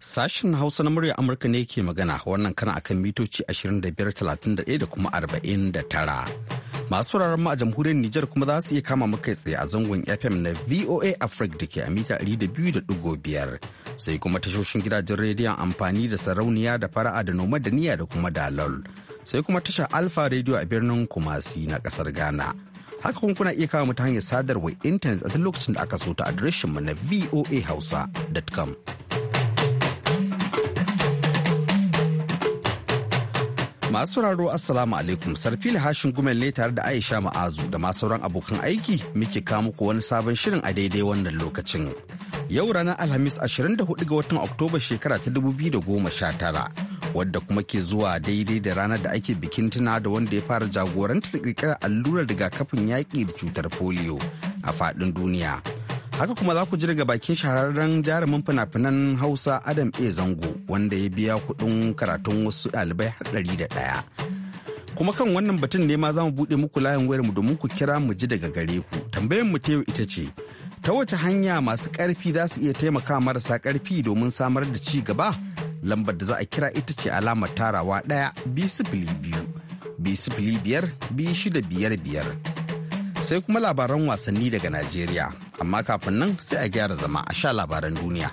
Sashen Hausa na murya Amurka ne ke magana wannan kana akan mitoci 25,31 da kuma 49. Masu wuraren ma a jamhuriyar Nijar kuma za su iya kama muka tsaye a zangon FM na VOA Africa da ke a mita 200.5 sai kuma tashoshin gidajen rediyon amfani da sarauniya da fara'a da noma da niyya da kuma dalol. sai kuma tashar Alfa Radio a birnin Kumasi na kasar Ghana. Haka kuma kuna iya kawo mu ta hanyar sadarwar intanet a duk lokacin da aka so ta adireshin mu na voahausa.com. Masu sauraro Assalamu alaikum sarfil hashin gumel ne tare da Aisha Ma'azu da masu sauran abokan aiki muke kawo muku wani sabon shirin a daidai wannan lokacin. Yau ranar Alhamis 24 ga watan Oktoba shekara ta 2019. wadda kuma ke zuwa daidai da ranar da ake bikin tuna da wanda ya fara jagorantar kirkirar allurar rigakafin yaƙi da cutar polio a faɗin duniya haka kuma za ku ji daga bakin shahararren jarumin fina-finan hausa adam a zango wanda ya biya kuɗin karatun wasu ɗalibai har ɗari da ɗaya kuma kan wannan batun ne ma za mu buɗe muku layin wayar mu domin ku kira mu ji daga gare ku tambayar mu ta ita ce ta wace hanya masu ƙarfi za su iya taimaka marasa ƙarfi domin samar da ci gaba lambar da za a kira ita ce alamar tarawa ɗaya bi sifili biyu bi sifili biyar bi shida biyar biyar sai kuma labaran wasanni daga Najeriya. Amma kafin nan sai a gyara zama a sha labaran duniya.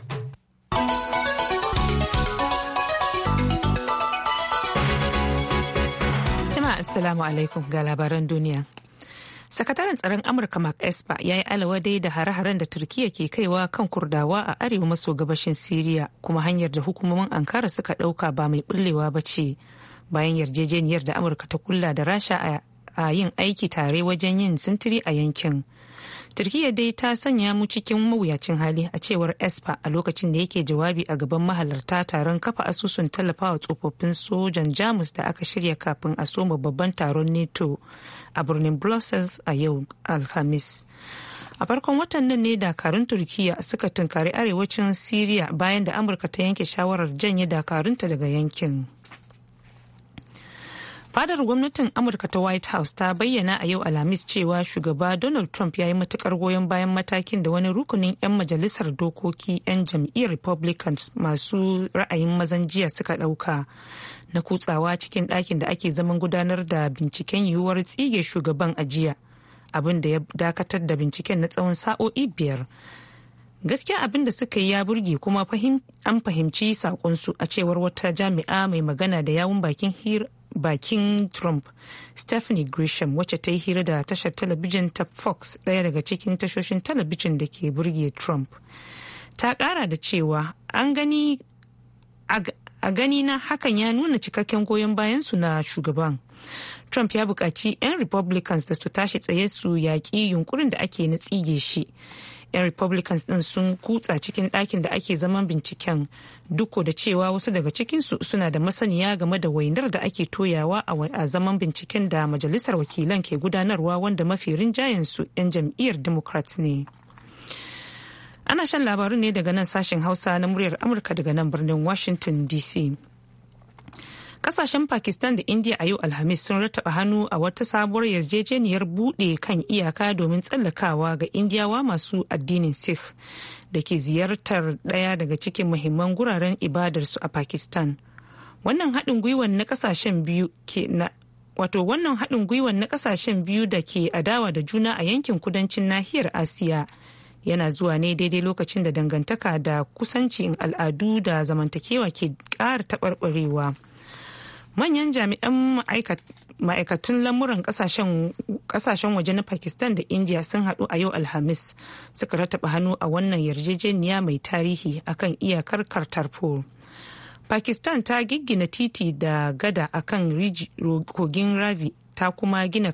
Jama'a Assalamu alaikum ga labaran duniya. Sakataren tsaron Amurka Mark Esper ya yi alawadai da hare-haren da Turkiyya ke kaiwa kan Kurdawa a arewa maso gabashin Siriya kuma hanyar da hukumomin Ankara suka ɗauka ba mai bullewa ba ce bayan yarjejeniyar da Amurka ta kulla da Rasha a yin aiki tare wajen yin sintiri a yankin Turkiyya dai ta sanya mu cikin mawuyacin hali a cewar espa a lokacin da yake jawabi a gaban mahalarta taron kafa asusun tallafawa tsofaffin sojan jamus da aka shirya kafin a soma babban taron nato a birnin brussels a yau alhamis a farkon watan nan ne dakarun turkiyya suka tunkari arewacin syria bayan da amurka ta yanke shawarar janye dakarunta daga yankin. fadar gwamnatin amurka ta white house ta bayyana a yau alhamis cewa shugaba donald trump ya yi matukar goyon bayan matakin da wani rukunin 'yan majalisar dokoki 'yan jam'iyyar republicans masu ra'ayin mazan jiya suka ɗauka na kutsawa cikin ɗakin da ake zaman gudanar da binciken yiwuwar tsige shugaban ajiya jiya abin da ya dakatar da binciken na tsawon sa'o'i biyar gaskiya abin da suka yi ya burge kuma an fahimci sakonsu a cewar wata jami'a mai magana da yawun bakin hira bakin trump stephanie grisham wacce ta yi hira da tashar talabijin ta fox ɗaya daga cikin tashoshin talabijin da ke burge trump ta ƙara da cewa an gani a gani na hakan ya nuna cikakken goyon bayansu na shugaban trump ya buƙaci 'yan republicans da su tashi tsaye su yaƙi yunkurin da ake na tsige shi 'yan republicans din sun kutsa cikin ɗakin da ake zaman binciken duk da cewa wasu daga cikinsu suna da masaniya game da wainar da ake toyawa a zaman binciken da majalisar wakilan ke gudanarwa wanda mafi rinjayensu 'yan jam'iyyar democrat ne ana shan labaru ne daga nan sashen hausa na muryar amurka daga nan birnin washington dc Kasashen Pakistan da India a yau Alhamis sun rataba hannu a wata sabuwar yarjejeniyar buɗe kan iyaka domin tsallakawa ga Indiyawa masu addinin Sikh da ke ziyartar daya daga cikin muhimman guraren ibadarsu a Pakistan. Wannan haɗin gwiwa na kasashen biyu ke na wato wannan haɗin gwiwan na kasashen biyu da ke adawa da juna a yankin kudancin nahiyar asiya yana zuwa ne daidai lokacin da dangantaka da kusancin al'adu da zamantakewa ke ƙara taɓarɓarewa manyan jami'an ma'aikatun lamuran kasashen waje na pakistan da india sun hadu a yau alhamis suka rataba hannu a wannan yarjejeniya mai tarihi akan iyakar kartarpur pakistan ta giggina titi da gada akan kogin ravi ta kuma gina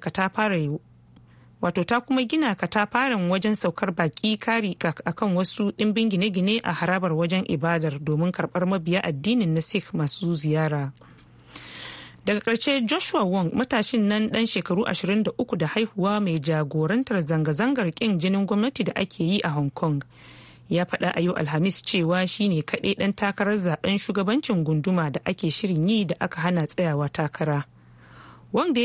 wato ta kuma gina katafaren wajen saukar baki kari akan wasu ɗimbin gine-gine a harabar wajen ibadar domin karbar mabiya addinin na sikh masu ziyara. daga ƙarshe joshua wong matashin nan ɗan shekaru 23 da haihuwa mai jagorantar zanga-zangar ƙin jinin gwamnati da ake yi a hong kong ya faɗa a yau alhamis cewa shine kaɗai ɗan takarar zaben shugabancin gunduma da ake shirin yi da aka hana tsayawa takara wanda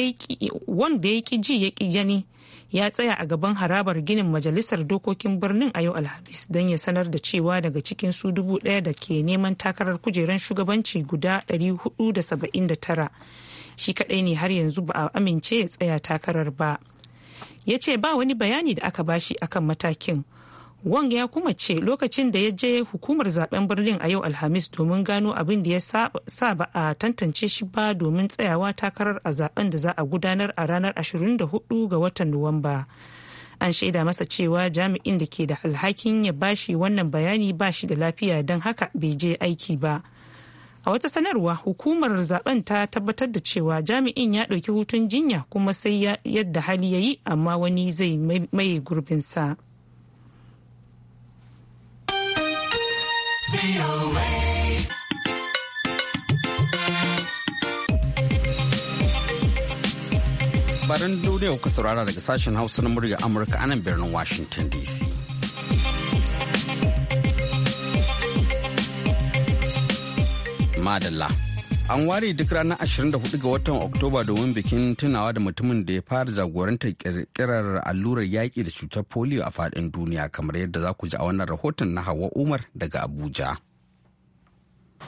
ya ki ji ya ki jani ya tsaya a gaban harabar ginin majalisar dokokin birnin a yau alhamis don ya sanar da cewa daga cikin su dubu ɗaya da ke neman takarar kujerar shugabanci guda 479 shi kaɗai ne har yanzu ba a amince ya tsaya takarar ba ya ce ba wani bayani da aka bashi akan matakin Wang ya kuma ce lokacin da ya je hukumar zaben birnin a yau Alhamis domin gano abin da ya sa ba a tantance shi ba domin tsayawa takarar a zaben da za a gudanar a ranar 24 ga watan Nuwamba. An shaida masa cewa jami'in da ke da alhakin ya bashi wannan bayani ba shi da lafiya don haka bai je aiki ba. A wata sanarwa hukumar zaben ta tabbatar da cewa jami'in ya ɗauki hutun jinya kuma sai yadda hali ya yi amma wani zai maye gurbinsa. sa. Barin duniya kuka saurara daga sashen Hausa na murya Amurka anan birnin Washington DC. Madalla. An ware duk ranar 24 ga watan Oktoba domin bikin tunawa da mutumin da ya fara jagorantar kirkirar allurar yaƙi da cutar polio a faɗin duniya kamar yadda za ku ji a wannan rahoton na Hauwa Umar daga Abuja.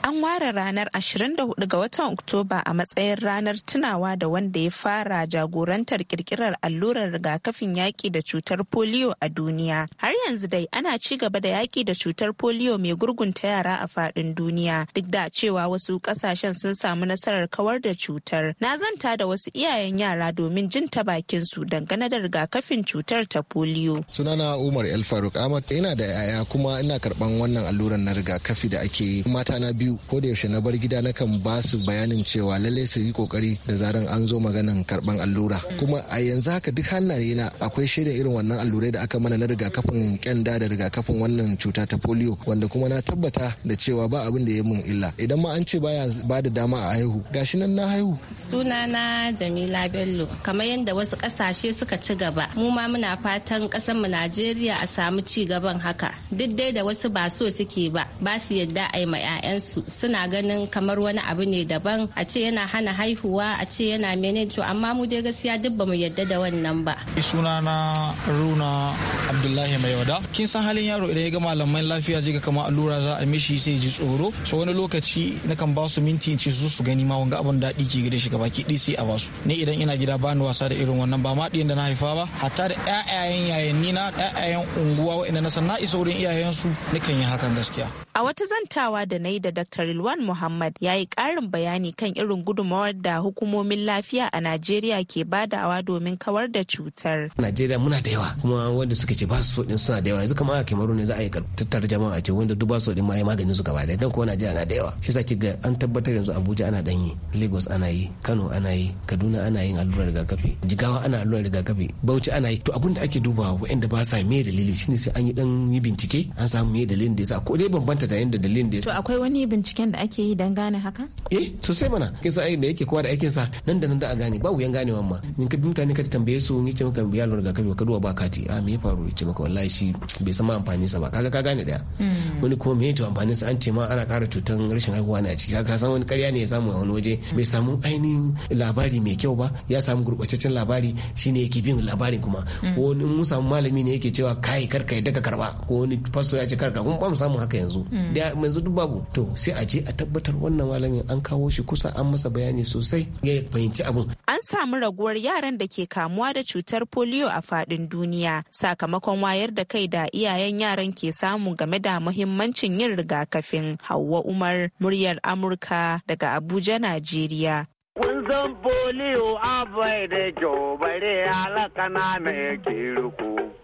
An ware ranar 24 ga watan Oktoba a matsayin ranar tunawa da wanda ya fara jagorantar kirkirar allurar rigakafin yaƙi da cutar polio a duniya. Har yanzu dai ana ci gaba da yaƙi da cutar polio mai gurgunta yara a faɗin duniya duk da cewa wasu ƙasashen sun samu nasarar kawar da cutar. Na zanta da wasu iyayen yara domin jin ta bakin su dangane da rigakafin cutar ta polio. Sunana Umar El Faruk Ahmad ina da yaya kuma ina karɓan wannan allurar na rigakafi da ake yi. Mata na biyu biyu ko da yaushe na bar gida na kan ba su bayanin cewa lalle su yi kokari da zaran an zo maganan karban allura kuma a yanzu haka duk hannaye na akwai shaidar irin wannan allurai da aka mana na rigakafin kyanda da rigakafin wannan cuta ta polio wanda kuma na tabbata da cewa ba abin da ya mun illa idan ma an ce baya ba da dama a haihu gashi nan na haihu sunana jamila bello kamar yadda wasu kasashe suka ci gaba mu ma muna fatan kasar mu najeriya a samu ci gaban haka duk dai da wasu ba so suke ba ba su yadda a yi ma 'ya'yansu su suna ganin kamar wani abu ne daban a ce yana hana haihuwa a ce yana mene to amma mu dai gaskiya duk ba mu yadda da wannan ba sunana runa abdullahi mai wada kin san halin yaro idan ya ga malaman lafiya zai ga kamar allura za a mishi sai ji tsoro so wani lokaci kan ba su minti ce su su gani ma wanga abin daɗi ke gida shi gabaki ɗaya sai a ba su ni idan ina gida ba ni wasa da irin wannan ba ma ɗiyan da na haifa ba hatta da ƴaƴayen yayanni na ƴaƴayen unguwa wa'inda na san na isa wurin iyayensu nakan yi hakan gaskiya A wata zantawa da na yi da Dr. Rilwan Muhammad ya yi ƙarin bayani kan irin gudumawar da hukumomin lafiya a Najeriya ke badawa domin kawar da cutar. Najeriya muna da yawa kuma wanda suka ce ba su so din suna da yawa yanzu kamar a Kemaru ne za a yi tattara jama'a ce wanda duk ba su din ma ya magani su gaba ɗaya don kuwa Najeriya na da yawa. Shi sa ga an tabbatar yanzu Abuja ana dan yi, Lagos ana yi, Kano ana yi, Kaduna ana yin allurar rigakafi, Jigawa ana allurar rigakafi, Bauchi ana yi. To abin da ake dubawa waɗanda ba sa me dalili shine sai an yi dan yi bincike an samu me dalilin da yasa ko dai bambanta ta inda dalilin da ya to akwai wani binciken da ake yi don gane haka eh sai mana kin sa da yake kowa da aikin sa nan da nan da a gane ba wuyan ganewa ma min ka mutane ka tambaye su ni ce maka biya lura rigakafi ka kaduwa ba kati a ah, me ya faru ya ce maka wallahi shi bai san ma amfanin sa ba kaga ka gane daya hmm. wani kuma me to amfanin sa an ce ma ana kara cutan rashin haihuwa ne a ciki Kaga san wani ƙarya ne ya samu a wani waje bai samu ainihin labari mai kyau ba ya samu gurɓataccen labari shine yake bin labarin kuma hmm. ko mun samu malami ne yake cewa kai karka yadda ka karba ko wani faso ya ce karka kuma ba mu samu haka yanzu da yanzu duk babu to sai a je a tabbatar wannan malamin an kawo shi kusa an masa bayani sosai ya fahimci abin an samu raguwar yaran da ke kamuwa da cutar polio a fadin duniya sakamakon wayar da kai da iyayen yaran ke samu game da muhimmancin yin rigakafin Hauwa Umar muryar Amurka daga Abuja Najeriya Kun polio abai da kyau bare alaka na mai kiruku.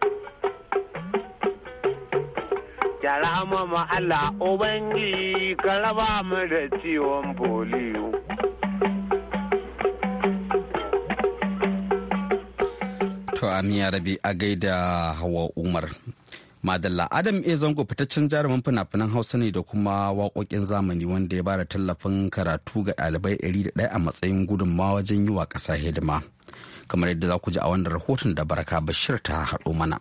ya rama Allah Ubangiji ka raba mu da ciwon foliyo. To Amiya Rabi a gaida Hawa Umar. Madalla Adam E zango fitaccen jarumin fina-finan Hausa ne da kuma waƙoƙin zamani wanda ya bada tallafin karatu ga ɗalibai ɗaya a matsayin gudunma wajen yi wa ƙasa hidima. Kamar yadda za ku ji a wannan rahoton da Baraka Bashir ta haɗo mana.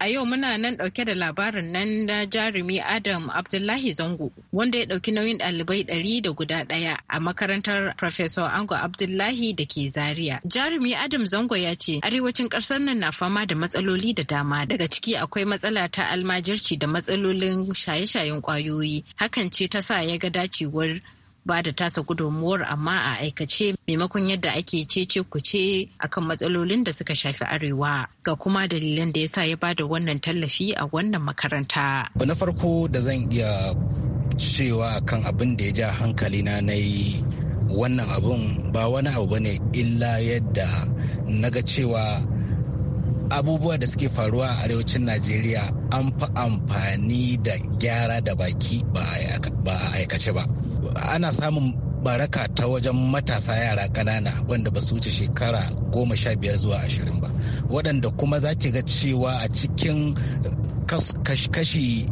A yau muna nan ɗauke da labarin nan na jarumi Adam Abdullahi Zango wanda ya ɗauki nauyin ɗalibai ɗari da guda ɗaya a makarantar Professor Ango Abdullahi da ke Zaria. Jarumi Adam Zango ya ce arewacin ƙasar nan na fama da matsaloli da dama daga ciki akwai matsala ta almajirci da matsalolin shaye-shayen ƙwayoyi hakan ce ta sa ya ga dacewar ba da tasa gudunmuwar amma a aikace maimakon yadda ake cece ku ce akan matsalolin da suka shafi arewa ga kuma dalilan da yasa ya bada wannan tallafi a wannan makaranta. Na farko da zan iya cewa kan abin da ya ja hankali na na yi wannan abun ba wani abu bane illa yadda na ga cewa abubuwa da suke faruwa a arewacin najeriya an fi amfani da gyara da baki ba a aikace ba ana samun baraka ta wajen matasa yara ƙanana wanda ba su wuce shekara goma sha biyar zuwa ashirin ba waɗanda kuma za ga cewa a cikin kashi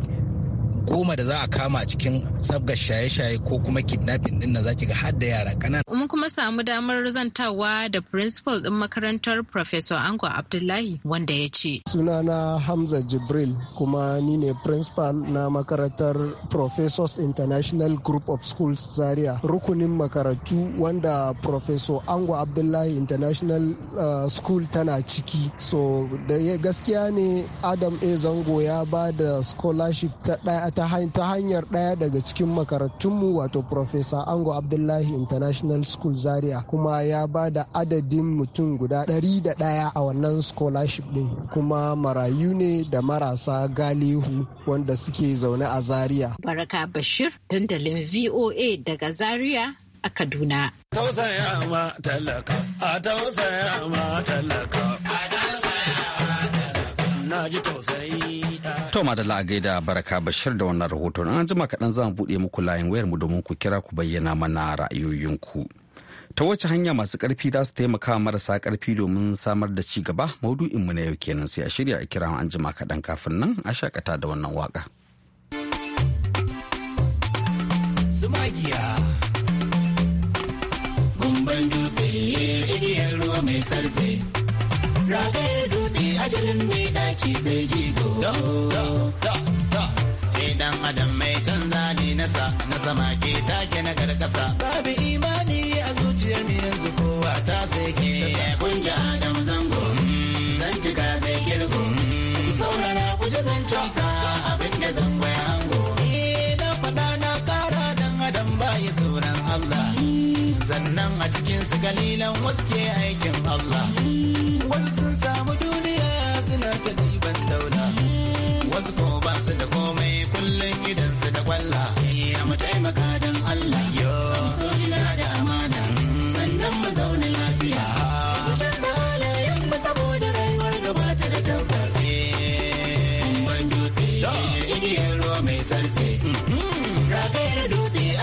goma da za a kama cikin sabga shaye-shaye ko kuma kidnapping din na za ga har da yara kanana. Mun kuma samu damar zantawa da principal din makarantar Professor Ango Abdullahi wanda ya ce. Sunana Hamza Jibril kuma ni ne principal na makarantar Professors International Group of Schools Zaria rukunin makarantu wanda Professor Ango Abdullahi International uh, School tana ciki. So da gaskiya ne Adam A. Zango ya ba da scholarship ta ɗaya ta hanyar ɗaya daga cikin makarantunmu wato Profesa Ango Abdullahi International School Zaria kuma ya ba da adadin mutum guda ɗari da ɗaya a wannan scholarship ɗin kuma marayu ne da marasa galihu wanda suke zaune a Zaria. Baraka Bashir, dandalin VOA daga Zaria a Kaduna. Tausaya talaka, a talaka. na ji tausayi to da da baraka bashir da wannan rahoton an jima kaɗan zan buɗe muku layin wayar mu domin ku kira ku bayyana mana ra'ayoyinku ta wace hanya masu ƙarfi za su taimaka marasa ƙarfi domin samar da ci gaba maudu'inmu na yau kenan sai a shirya a kira an jima kaɗan kafin nan a shakata da wannan waka. Bumban dutse igiyar ruwa mai ragayar ajalin mai daki sai jigo dan adam mai canza ne nasa na sama ke take na karkasa babu imani a zuciyar mu yanzu kowa ta sai ke kun ji adam zango mm, zan cika zai kirgo mm. saurara kuje zan casa abin da zango ya hango eh, na faɗa na ƙara dan adam bayi tsoron Allah mm. sannan a cikin su kalilan wasu ke aikin Allah wasu sun samu duniya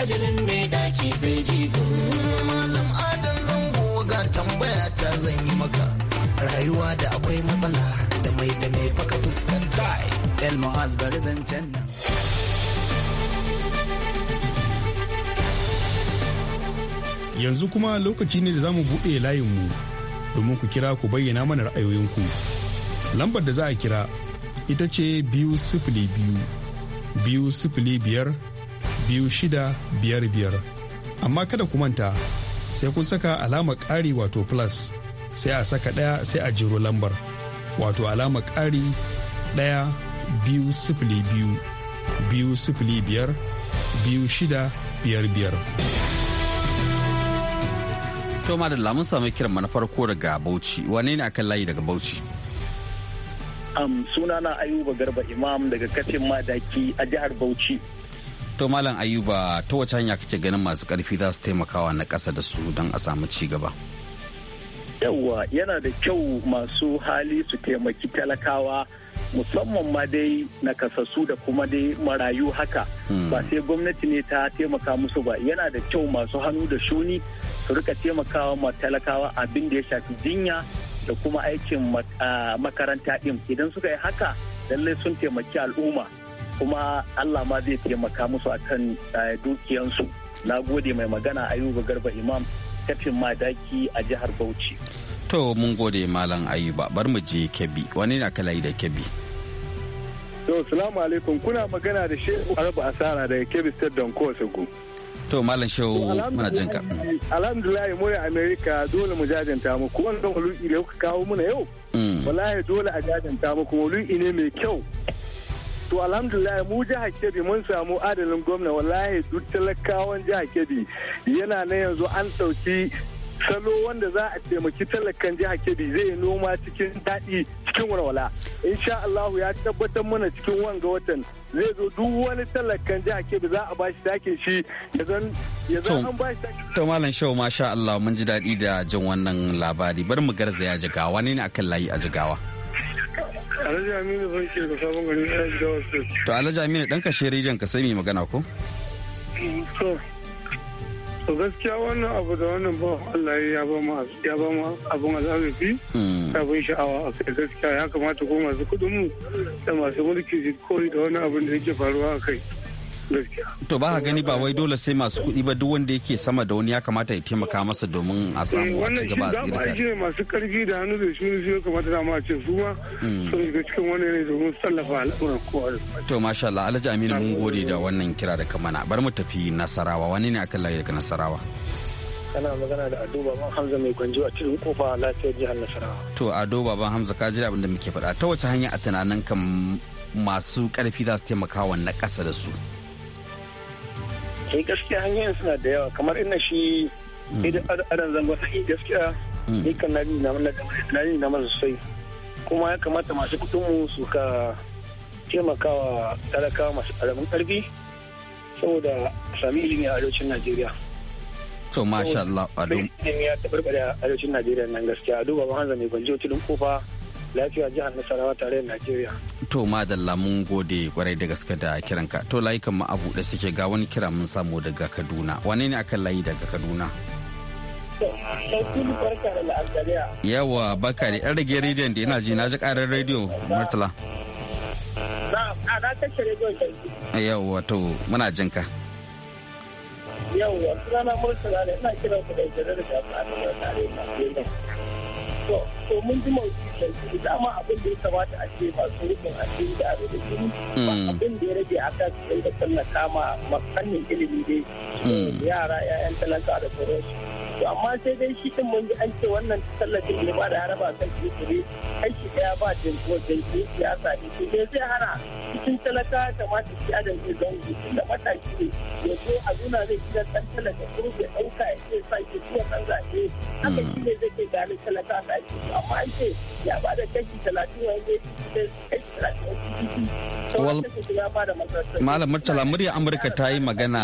ajalin mai daki zai ji malam adam zango ga tambaya ta zan yi maka rayuwa da akwai matsala da mai da mai baka fuskanta el mu'az bari zancen nan yanzu kuma lokaci ne da za mu buɗe layinmu domin ku kira ku bayyana mana ra'ayoyinku lambar da za a kira ita ce biyu sifili biyu biyu sifili biyar biyar amma kada ku manta sai kun saka alama ƙari wato plus sai a saka ɗaya sai a jiro lambar wato alama ƙari ɗaya biyu sifili biyu biyu sifili biyar biyu shida biyar biyar. To da lamun sami kiran na farko daga Bauchi wane ne akan layi daga Bauchi? Um, sunana Ayuba Garba Imam daga kafin madaki a jihar Bauchi. to malam ayuba ta wace hanya kake ganin masu karfi za su taimakawa na ƙasa da su don a samu ci gaba yawwa yana da kyau masu hali su taimaki talakawa musamman ma dai nakasassu da kuma dai marayu haka hmm. ba sai gwamnati ne ta taimaka musu ba yana da kyau masu hannu da shuni su rika taimakawa ma talakawa abin da ya shafi jinya da kuma aikin ah, makaranta din idan suka yi haka lallai sun taimaki al'umma kuma Allah ma zai taimaka musu akan eh, dukiyansu na gode mai magana ayuba garba imam kafin madaki a jihar bauchi to mun gode malam ayuba bar mu je kebbi wani na kalayi da kebbi to salamu alaikum kuna magana da shehu arba asara daga kebbi state don kowace to malam shehu muna jin ka alhamdulillah mu america dole mu jajanta muku wannan ulu'i da kuka kawo muna yau mm. wallahi dole a jajanta muku ulu'i ne mai kyau to alhamdulillah mu jihar kebi mun samu adalin gwamna wallahi duk talakawan jiha kebi yana na yanzu an ɗauki salo wanda za a taimaki talakan jihar kebi zai yi noma cikin daɗi cikin walwala insha Allah ya tabbatar mana cikin wanga watan zai zo duk wani talakan jiha kebi za a bashi dakin shi ya zan an bashi to malam shehu masha allah mun ji daɗi da jin wannan labari bari mu garzaya jigawa ne akan layi a jigawa Alhaji Aminu zan ke da sabon gari na gida wasu. To Alhaji Aminu ɗan kashe rijiyar ka sai mai magana ko? To, to gaskiya wannan abu da wannan ba Allah ya ba mu ya ba mu abun hmm. sha'awa a kai gaskiya ya kamata ko masu kuɗin mu da masu mulki su da wani abin da yake faruwa a kai. to ba gani ba wai dole sai masu kuɗi ba duk wanda yake sama da wani ya kamata ya taimaka masa domin a samu a ci gaba a tsira tare wannan masu karfi da hannu da shi ne kamata da ma ce su ma hmm. sun shiga cikin wani ne domin tallafa al'amuran kowa to masha Allah Alhaji Aminu mun gode da wannan kira da kamana bar mu tafi Nasarawa wani ne akan layi daga Nasarawa kana magana da ado baban hamza mai kwanji a cikin kofa lafiyar jihar nasarawa to ado baban hamza ka jira abinda muke faɗa ta wace hanya a tunanin kan masu ƙarfi za su taimaka wa na ƙasa da su sai eh, gaskiya hanyoyin suna da yawa kamar ina shi idan mm. adan zango sai gaskiya mm. ni kan na na masa sosai kuma ya kamata masu kudin mu su ka taimakawa talakawa masu karamin karfi saboda sami ilimi a arewacin Najeriya. To masha Allah Ado. Ilimi ya tabarbare a arewacin Najeriya nan gaskiya duba ba hanzar mai gwanjo tudun kofa lafiya jihar nasarawa tare da najeriya to madalla mun gode kwarai da gaske da kiranka to layukan ma abu da suke ga wani kira mun samu daga kaduna wane ne akan layi daga kaduna yawa barka da yan rage rediyon da ina ji na ji karar rediyo murtala yawa to muna jin ka yawa sunana murtala ne ina kiran ku da da to mun ji mauki dama abin da ya kamata a ce ba su rufin asiri da abin da jini hmm. abin da ya rage a kan su da tallaka ma fannin ilimi dai hmm. yara 'ya'yan talaka da sauransu to amma sai dai shi din mun ji an ce wannan tallafin ne ba da haraba kan kirkire kai shi daya ba din ko dan ke siyasa ne shi ne zai hana cikin talaka da mata shi adam zai zango da mataki ne ya zo a nuna zai da dan talaka ko ya ɗauka ya ce sa ke zuwa kan zaɓe haka shi ne zai ke gane talaka ta ake so amma an ce ya ba da kashi talatin wani ne kashi talatin wani ne. Malam Murtala murya Amurka ta yi magana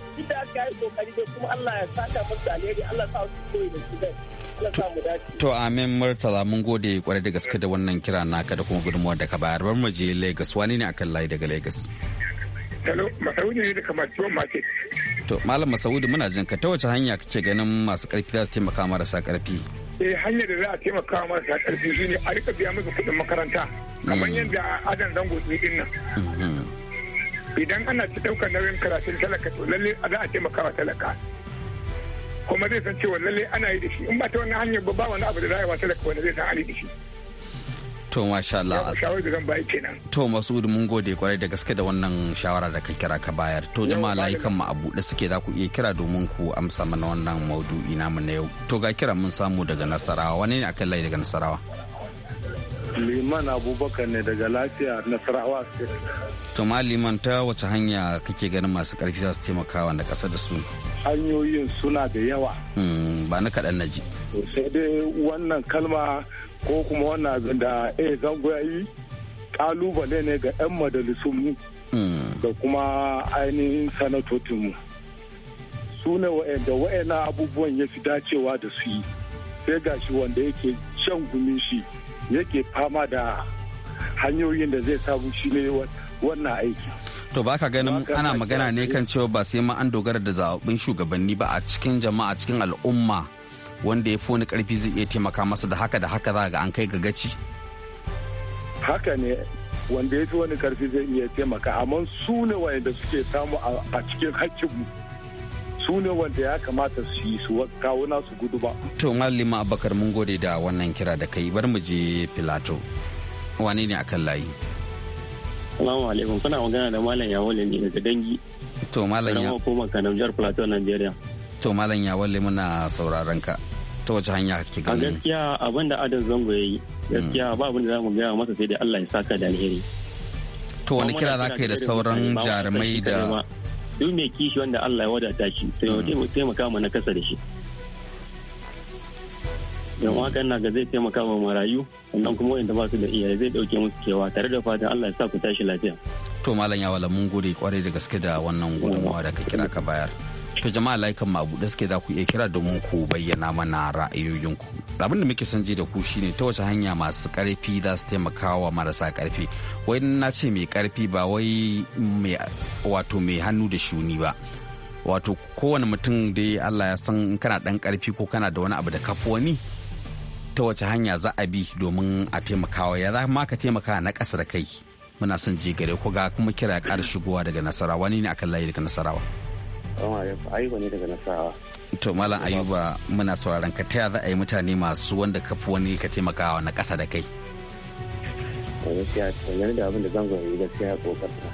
duk da yi kokari da kuma Allah ya saka musu alheri Allah sa su koyi da su To amin Murtala mun gode kwarai da gaske da wannan kira naka da kuma gudunmuwar da ka bayar bar mu je Lagos wani ne akan layi daga Lagos. Hello, Masaudi ne kamar Masu Market. To Malam Masaudi muna jin ka ta wace hanya kake ganin masu karfi za su taimaka marasa karfi? Eh hanyar da za a taimaka marasa karfi shine a rika biya musu kuɗin makaranta kamar mm. yadda adan zango din nan. Mm-hmm. idan ana ci daukar nauyin karatun talaka to lalle za a taimaka wa talaka kuma zai san cewa lalle ana yi da shi in ba ta wani hanyar ba wani abu da za a yi wa talaka wanda zai san ana yi da shi To masha Allah. To Masudu mun gode kwarai da gaske da wannan shawara da ka kira ka bayar. To jama'a layukan mu a buɗe suke za ku iya kira domin ku amsa mana wannan maudu'i namu na yau. To ga kira mun samu daga Nasarawa. Wane ne akan layi daga Nasarawa? liman abubakar ne daga lafiya nasarawa to liman ta wace hanya kake ganin masu karfi za su taimakawa na kasa da su hanyoyin suna da yawa hmm, ba na kaɗan na ji sai dai wannan kalma ko kuma wannan da a eh, zango ya yi kalubale ne ga 'yan mu hmm. da kuma ainihin mu su ne wa'anda wa'ana abubuwan ya fi dacewa da su yi sai gashi wanda yake shan gumin shi yake fama da hanyoyin da zai samu shi ne wannan aiki to ba ka ganin ana magana ne kan cewa ba sai ma an dogara da zaɓin shugabanni ba a cikin jama'a cikin al'umma wanda ya fi wani ƙarfi zai iya taimaka masa da haka da haka za ga an kai gagaci haka ne wanda ya fi wani ƙarfi zai iya taimaka amma su ne wanda suke samu a cikin haƙƙinmu. su ne wanda ya kamata su yi su kawo nasu gudu ba. To Malima Abakar mun gode da wannan kira da kai bar mu je Filato. Wane ne akan layi? Salamu alaikum kuna magana da Malam Yawale ne daga dangi. To Malam Yawale. Kuma kanan jihar Filato Nigeria. To Malam Yawale muna sauraron ka. Ta wace hanya kake gani? A gaskiya abin da Adam Zango ya yi. Gaskiya hmm. ba abin da za mu gaya masa sai dai Allah ya saka da alheri. To wani kira za ka yi da sauran jarumai da duk mai kishi wanda Allah ya wadata shi sai ya mm. taimaka mana kasa da shi don haka na ga zai taimaka wa marayu sannan kuma wanda ba su da iyaye zai dauke musu cewa tare da fatan Allah ya sa ku tashi lafiya to malam yawala mun gode kwarai da gaske da wannan gudunmawa da ka kira ka bayar to jama'a layukan ma abu suke da ku iya kira domin ku bayyana mana ra'ayoyinku abin da muke son ji da ku shine ta wace hanya masu karfi za su taimaka wa marasa karfi wai na ce mai karfi ba wai mai wato mai hannu da shuni ba wato kowane mutum dai Allah ya san kana ɗan karfi ko kana da wani abu da kafo wani ta wace hanya za a bi domin a taimakawa ya za ma ka taimaka na ƙasa da kai muna son je gare ku ga kuma kira ya ƙara shigowa daga nasarawa ne akan layi daga nasarawa. Ayuba ne daga Nasarawa. To Malam Ayuba muna sauraron ka taya za a yi mutane masu wanda kafi wani ka taimakawa na kasa da kai. Gaskiya da abin da zan goyi gaskiya kokarta.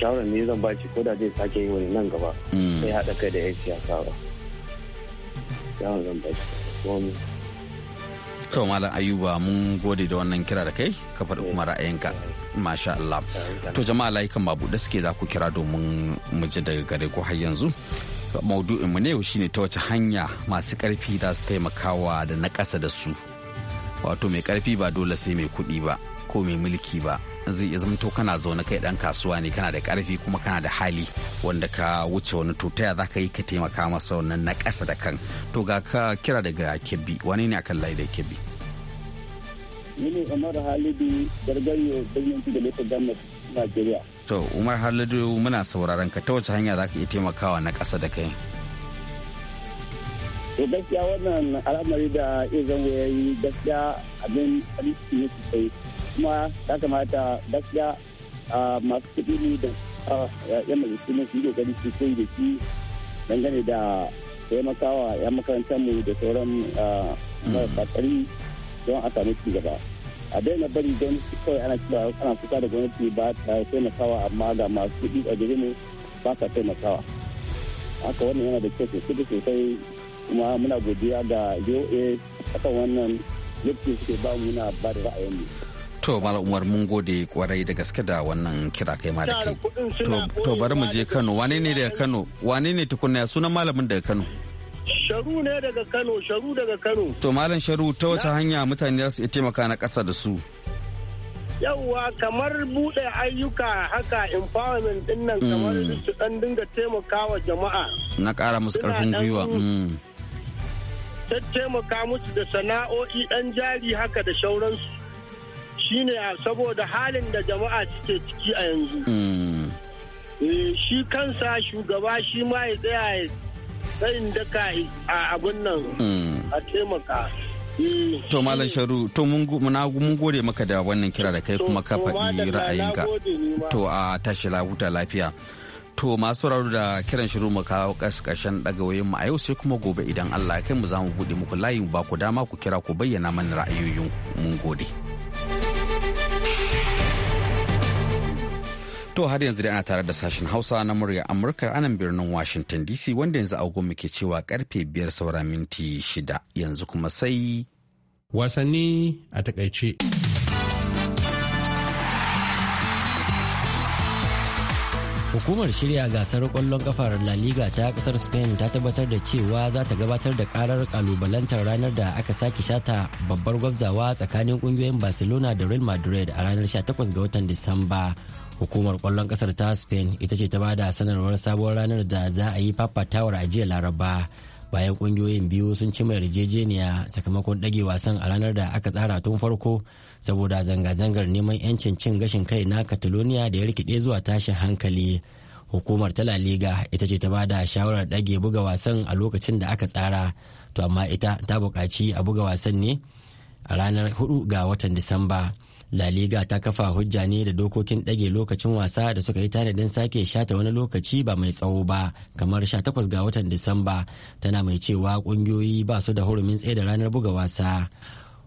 Shawarar ne zan baci ko da zai sake yi wani nan gaba. Hmm. Sai haɗa kai da yan siyasa ba. Shawarar zan baci. to malam ayuba mun gode da wannan kira da kai ka faɗi kuma ra'ayinka masha Allah to jama'a layukan babu da suke za ku kira domin mu ji daga gare ku har yanzu maudu'in mu ne shine ta wace hanya masu karfi za su taimakawa da na ƙasa da su wato mai karfi ba dole sai mai kuɗi ba ko mai mulki ba zai iya to kana zaune kai dan kasuwa ne kana da karfi kuma kana da hali wanda ka wuce wani to ta za ka yi ka taimaka masa wannan na ƙasa da kan to ga ka kira daga kebbi wani ne akan layi da kebbi ni ne umar halidu gargayo birnin da to umar halidu muna sauraron ka ta wace hanya za ka iya taimakawa na ƙasa da kai to gaskiya wannan al'amari da izan ya yi gaskiya abin aliki ne sosai kuma ya kamata gaskiya masu kuɗi ne da ya mai ne su yi kokari su sai da shi dangane da taimakawa ya makarantar mu da sauran marasakari don a samu ci gaba a daina bari don kawai ana cewa ana kuka da gwamnati ba ta taimakawa amma ga masu kuɗi a gare mu ba ta taimakawa haka wannan yana da kyau sosai da sosai kuma muna godiya ga voa akan wannan yadda suke ba mu na ba da mu. To Mala Umar mun gode kwarai da gaske da wannan kira kai ma da kai. To bari mu je Kano wane ne daga Kano wane ne tukunna sunan malamin daga Kano. Sharu ne daga Kano Sharu daga Kano. To Malam Sharu ta wata hanya mutane za su iya taimaka na ƙasa da su. yawwa kamar bude ayyuka haka empowerment din nan mm. kamar su dan dinga taimakawa jama'a na ƙara musu ƙarfin gwiwa mm. ta taimaka musu da sana'o'i dan jari haka da shauransu ne saboda halin da jama'a suke ciki a yanzu hmm. eh, shi kansa shugaba shi ma ya tsaya ya daka a abin nan hmm. a taimaka eh, to malam sharu to mun gode maka da wannan kira da kai kuma ka faɗi ra'ayinka to a tashi huta lafiya to masu rauru da kiran shiru mu kawo ƙarshen ɗagawoyin mu a yau sai kuma gobe idan Allah ya kai mu za mu buɗe muku layin ba ku dama ku kira ku bayyana mana ra'ayoyin mun gode. To har yanzu da ana tare da sashen Hausa na murya Amurka anan birnin Washington DC wanda yanzu goma ke cewa karfe biyar saura minti shida yanzu kuma sai. Wasanni a takaice. Hukumar shirya gasar kwallon kafar La Liga ta kasar Spain ta tabbatar da cewa za ta gabatar da karar kalubalantar ranar da aka sake shata babbar gwabzawa tsakanin kungiyoyin Barcelona da Real Madrid a ranar 18 ga watan Disamba. hukumar kwallon kasar ta spain ita ce ta ba da sanarwar sabuwar ranar da za a yi fafatawar a laraba bayan kungiyoyin biyu sun ci mai yarjejeniya sakamakon dage wasan a ranar da aka tsara tun farko saboda zanga-zangar neman 'yancin cin gashin kai na catalonia da ya rikide zuwa tashin hankali hukumar ta la ita ce ta ba da shawarar dage buga wasan a lokacin da aka tsara to amma ita ta buƙaci a buga wasan ne a ranar 4 ga watan disamba La Liga ta kafa hujja ne da dokokin ɗage lokacin wasa da suka yi tanadin sake shata wani lokaci ba mai tsawo ba kamar sha takwas ga watan Disamba tana mai cewa ƙungiyoyi ba su da hurumin tsaye da ranar buga wasa.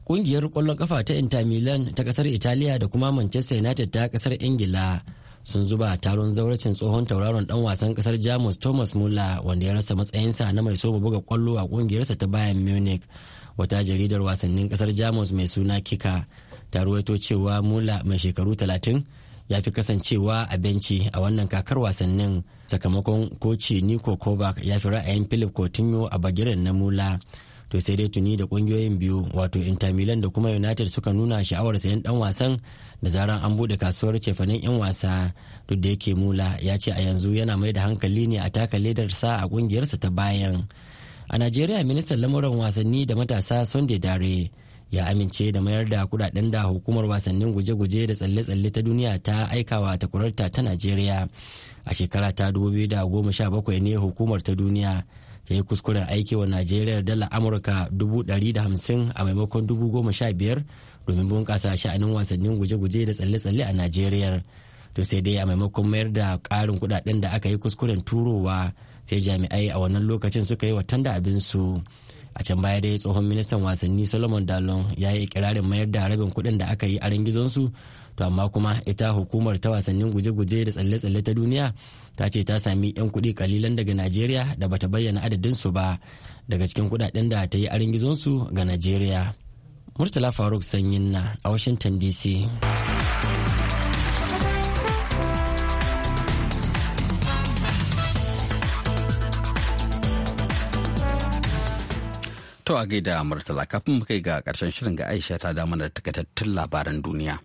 Ƙungiyar ƙwallon kafa ta Inter Milan ta ƙasar Italiya da kuma Manchester United ta ƙasar Ingila sun zuba taron zauracin tsohon tauraron dan wasan ƙasar Jamus Thomas Muller wanda ya rasa matsayinsa na mai soma buga ƙwallo a ƙungiyarsa ta Bayern Munich. Wata jaridar wasannin ƙasar Jamus mai suna Kika ta ruwaito cewa mula mai shekaru talatin ya fi kasancewa a benci a wannan kakar wasannin sakamakon koci niko kovac ya fi ra'ayin philip coutinho a bagiren na mula to sai dai tuni da kungiyoyin biyu wato inter milan da kuma united suka nuna sha'awar sayan dan wasan da zaran an bude kasuwar cefanen yan wasa duk da yake mula ya ce a yanzu yana mai da hankali ne a taka ledarsa a kungiyarsa ta bayan a najeriya ministan lamuran wasanni da matasa sunday dare ya amince da mayar da kudaden da hukumar wasannin guje-guje da tsalle-tsalle ta duniya ta aikawa kurarta ta najeriya a shekara ta 2017 ne hukumar ta duniya ta yi kuskuren aikewa najeriya dala amurka 150 a maimakon 15,000 domin bunƙasa sha'anin wasannin guje-guje da tsalle-tsalle a najeriya to sai dai a maimakon mayar da ƙarin kudaden da aka yi kuskuren turowa sai jami'ai a wannan lokacin suka yi wa tanda abinsu. su a can baya dai tsohon ministan wasanni solomon dalon ya yi ikirarin mayar da rabin kuɗin da aka yi a su to amma kuma ita hukumar ta wasannin guje-guje da tsalle-tsalle ta duniya ta ce ta sami 'yan kuɗi kalilan daga najeriya da bata bayyana adadinsu ba daga cikin kuɗaɗen da ta yi su ga najeriya murtala faruk sanyin na a washington dc To a gaida Murtala kafin mu kai ga karshen shirin ga Aisha ta damar da takaitattun labaran duniya.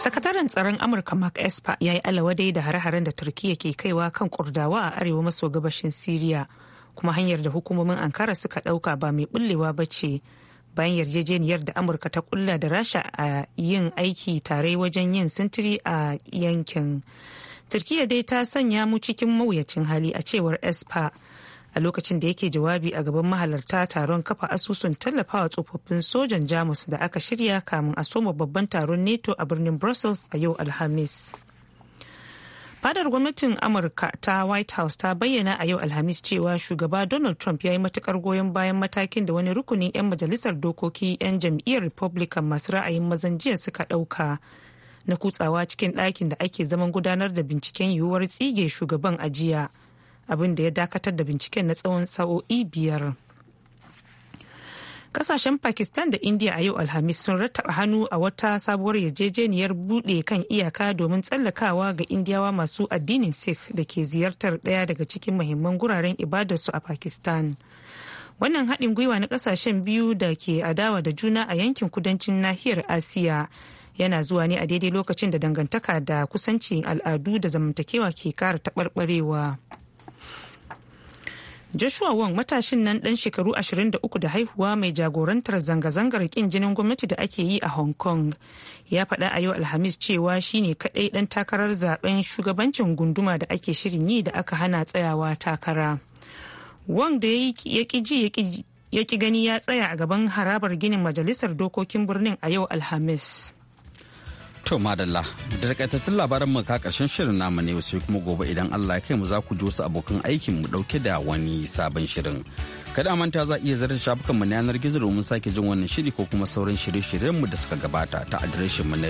sakataren tsaron amurka mark esper ya yi dai da hare-haren da turkiya ke kaiwa kan kurdawa a arewa maso gabashin siriya kuma hanyar da hukumomin ankara suka dauka ba mai bullewa ba ce bayan yarjejeniyar da amurka ta kulla da rasha a yin aiki tare wajen yin sintiri a yankin turkiya dai ta sanya mu cikin mawuyacin hali a cewar espa a lokacin da yake jawabi a gaban mahalarta taron kafa asusun tallafawa tsofaffin sojan jamus da aka shirya kamun a soma babban taron neto a birnin brussels a yau alhamis fadar gwamnatin amurka ta white house ta bayyana a yau alhamis cewa shugaba donald trump ya yi matukar goyon bayan matakin da wani rukunin 'yan majalisar dokoki 'yan jam'iyyar republican masu ra'ayin mazan jiya suka ɗauka. na kutsawa cikin ɗakin da ake zaman gudanar da binciken yiwuwar tsige shugaban ajiya abin da ya dakatar da binciken na tsawon sa'o'i biyar kasashen pakistan da india a yau alhamis sun rattaba hannu a wata sabuwar yarjejeniyar bude kan iyaka domin tsallakawa ga indiyawa masu addinin sikh da ke ziyartar daya daga cikin mahimman guraren ibadarsu a pakistan wannan haɗin gwiwa na ƙasashen biyu da ke adawa da juna a yankin kudancin nahiyar asiya yana zuwa ne a daidai lokacin da dangantaka da kusanci al'adu da zamantakewa ke kara taɓarɓarewa. Joshua Wong matashin nan ɗan shekaru 23 da haihuwa mai jagorantar zanga-zangar ƙin jinin gwamnati da ake yi a Hong Kong ya faɗa a yau Alhamis cewa shi ne kaɗai ɗan takarar zaben shugabancin gunduma da ake shirin yi da aka hana tsayawa takara. Wong da ya ƙi ji ya ƙi gani ya tsaya a gaban harabar ginin majalisar dokokin birnin a yau Alhamis. To madalla da takaitattun labaran maka ka karshen shirin namu ne sai kuma gobe idan Allah ya kai mu za ku ji wasu abokan aikin mu dauke da wani sabon shirin. Kada manta za a iya zarar shafukan mu na yanar gizo domin sake jin wannan shiri ko kuma sauran shirye-shiryen mu da suka gabata ta adireshin mu na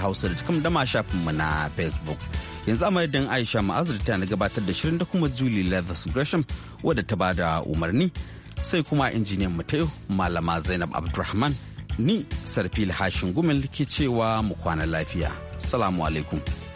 hausa da ma shafin mu na Facebook. Yanzu a madadin Aisha Ma'azu ta na gabatar da shirin da kuma Julie Leathers Gresham wadda ta bada umarni sai kuma injiniyan mu ta malama Zainab Abdulrahman. Ni Sarfil Hashin Gumel ke cewa mu kwana lafiya. Salamu alaikum.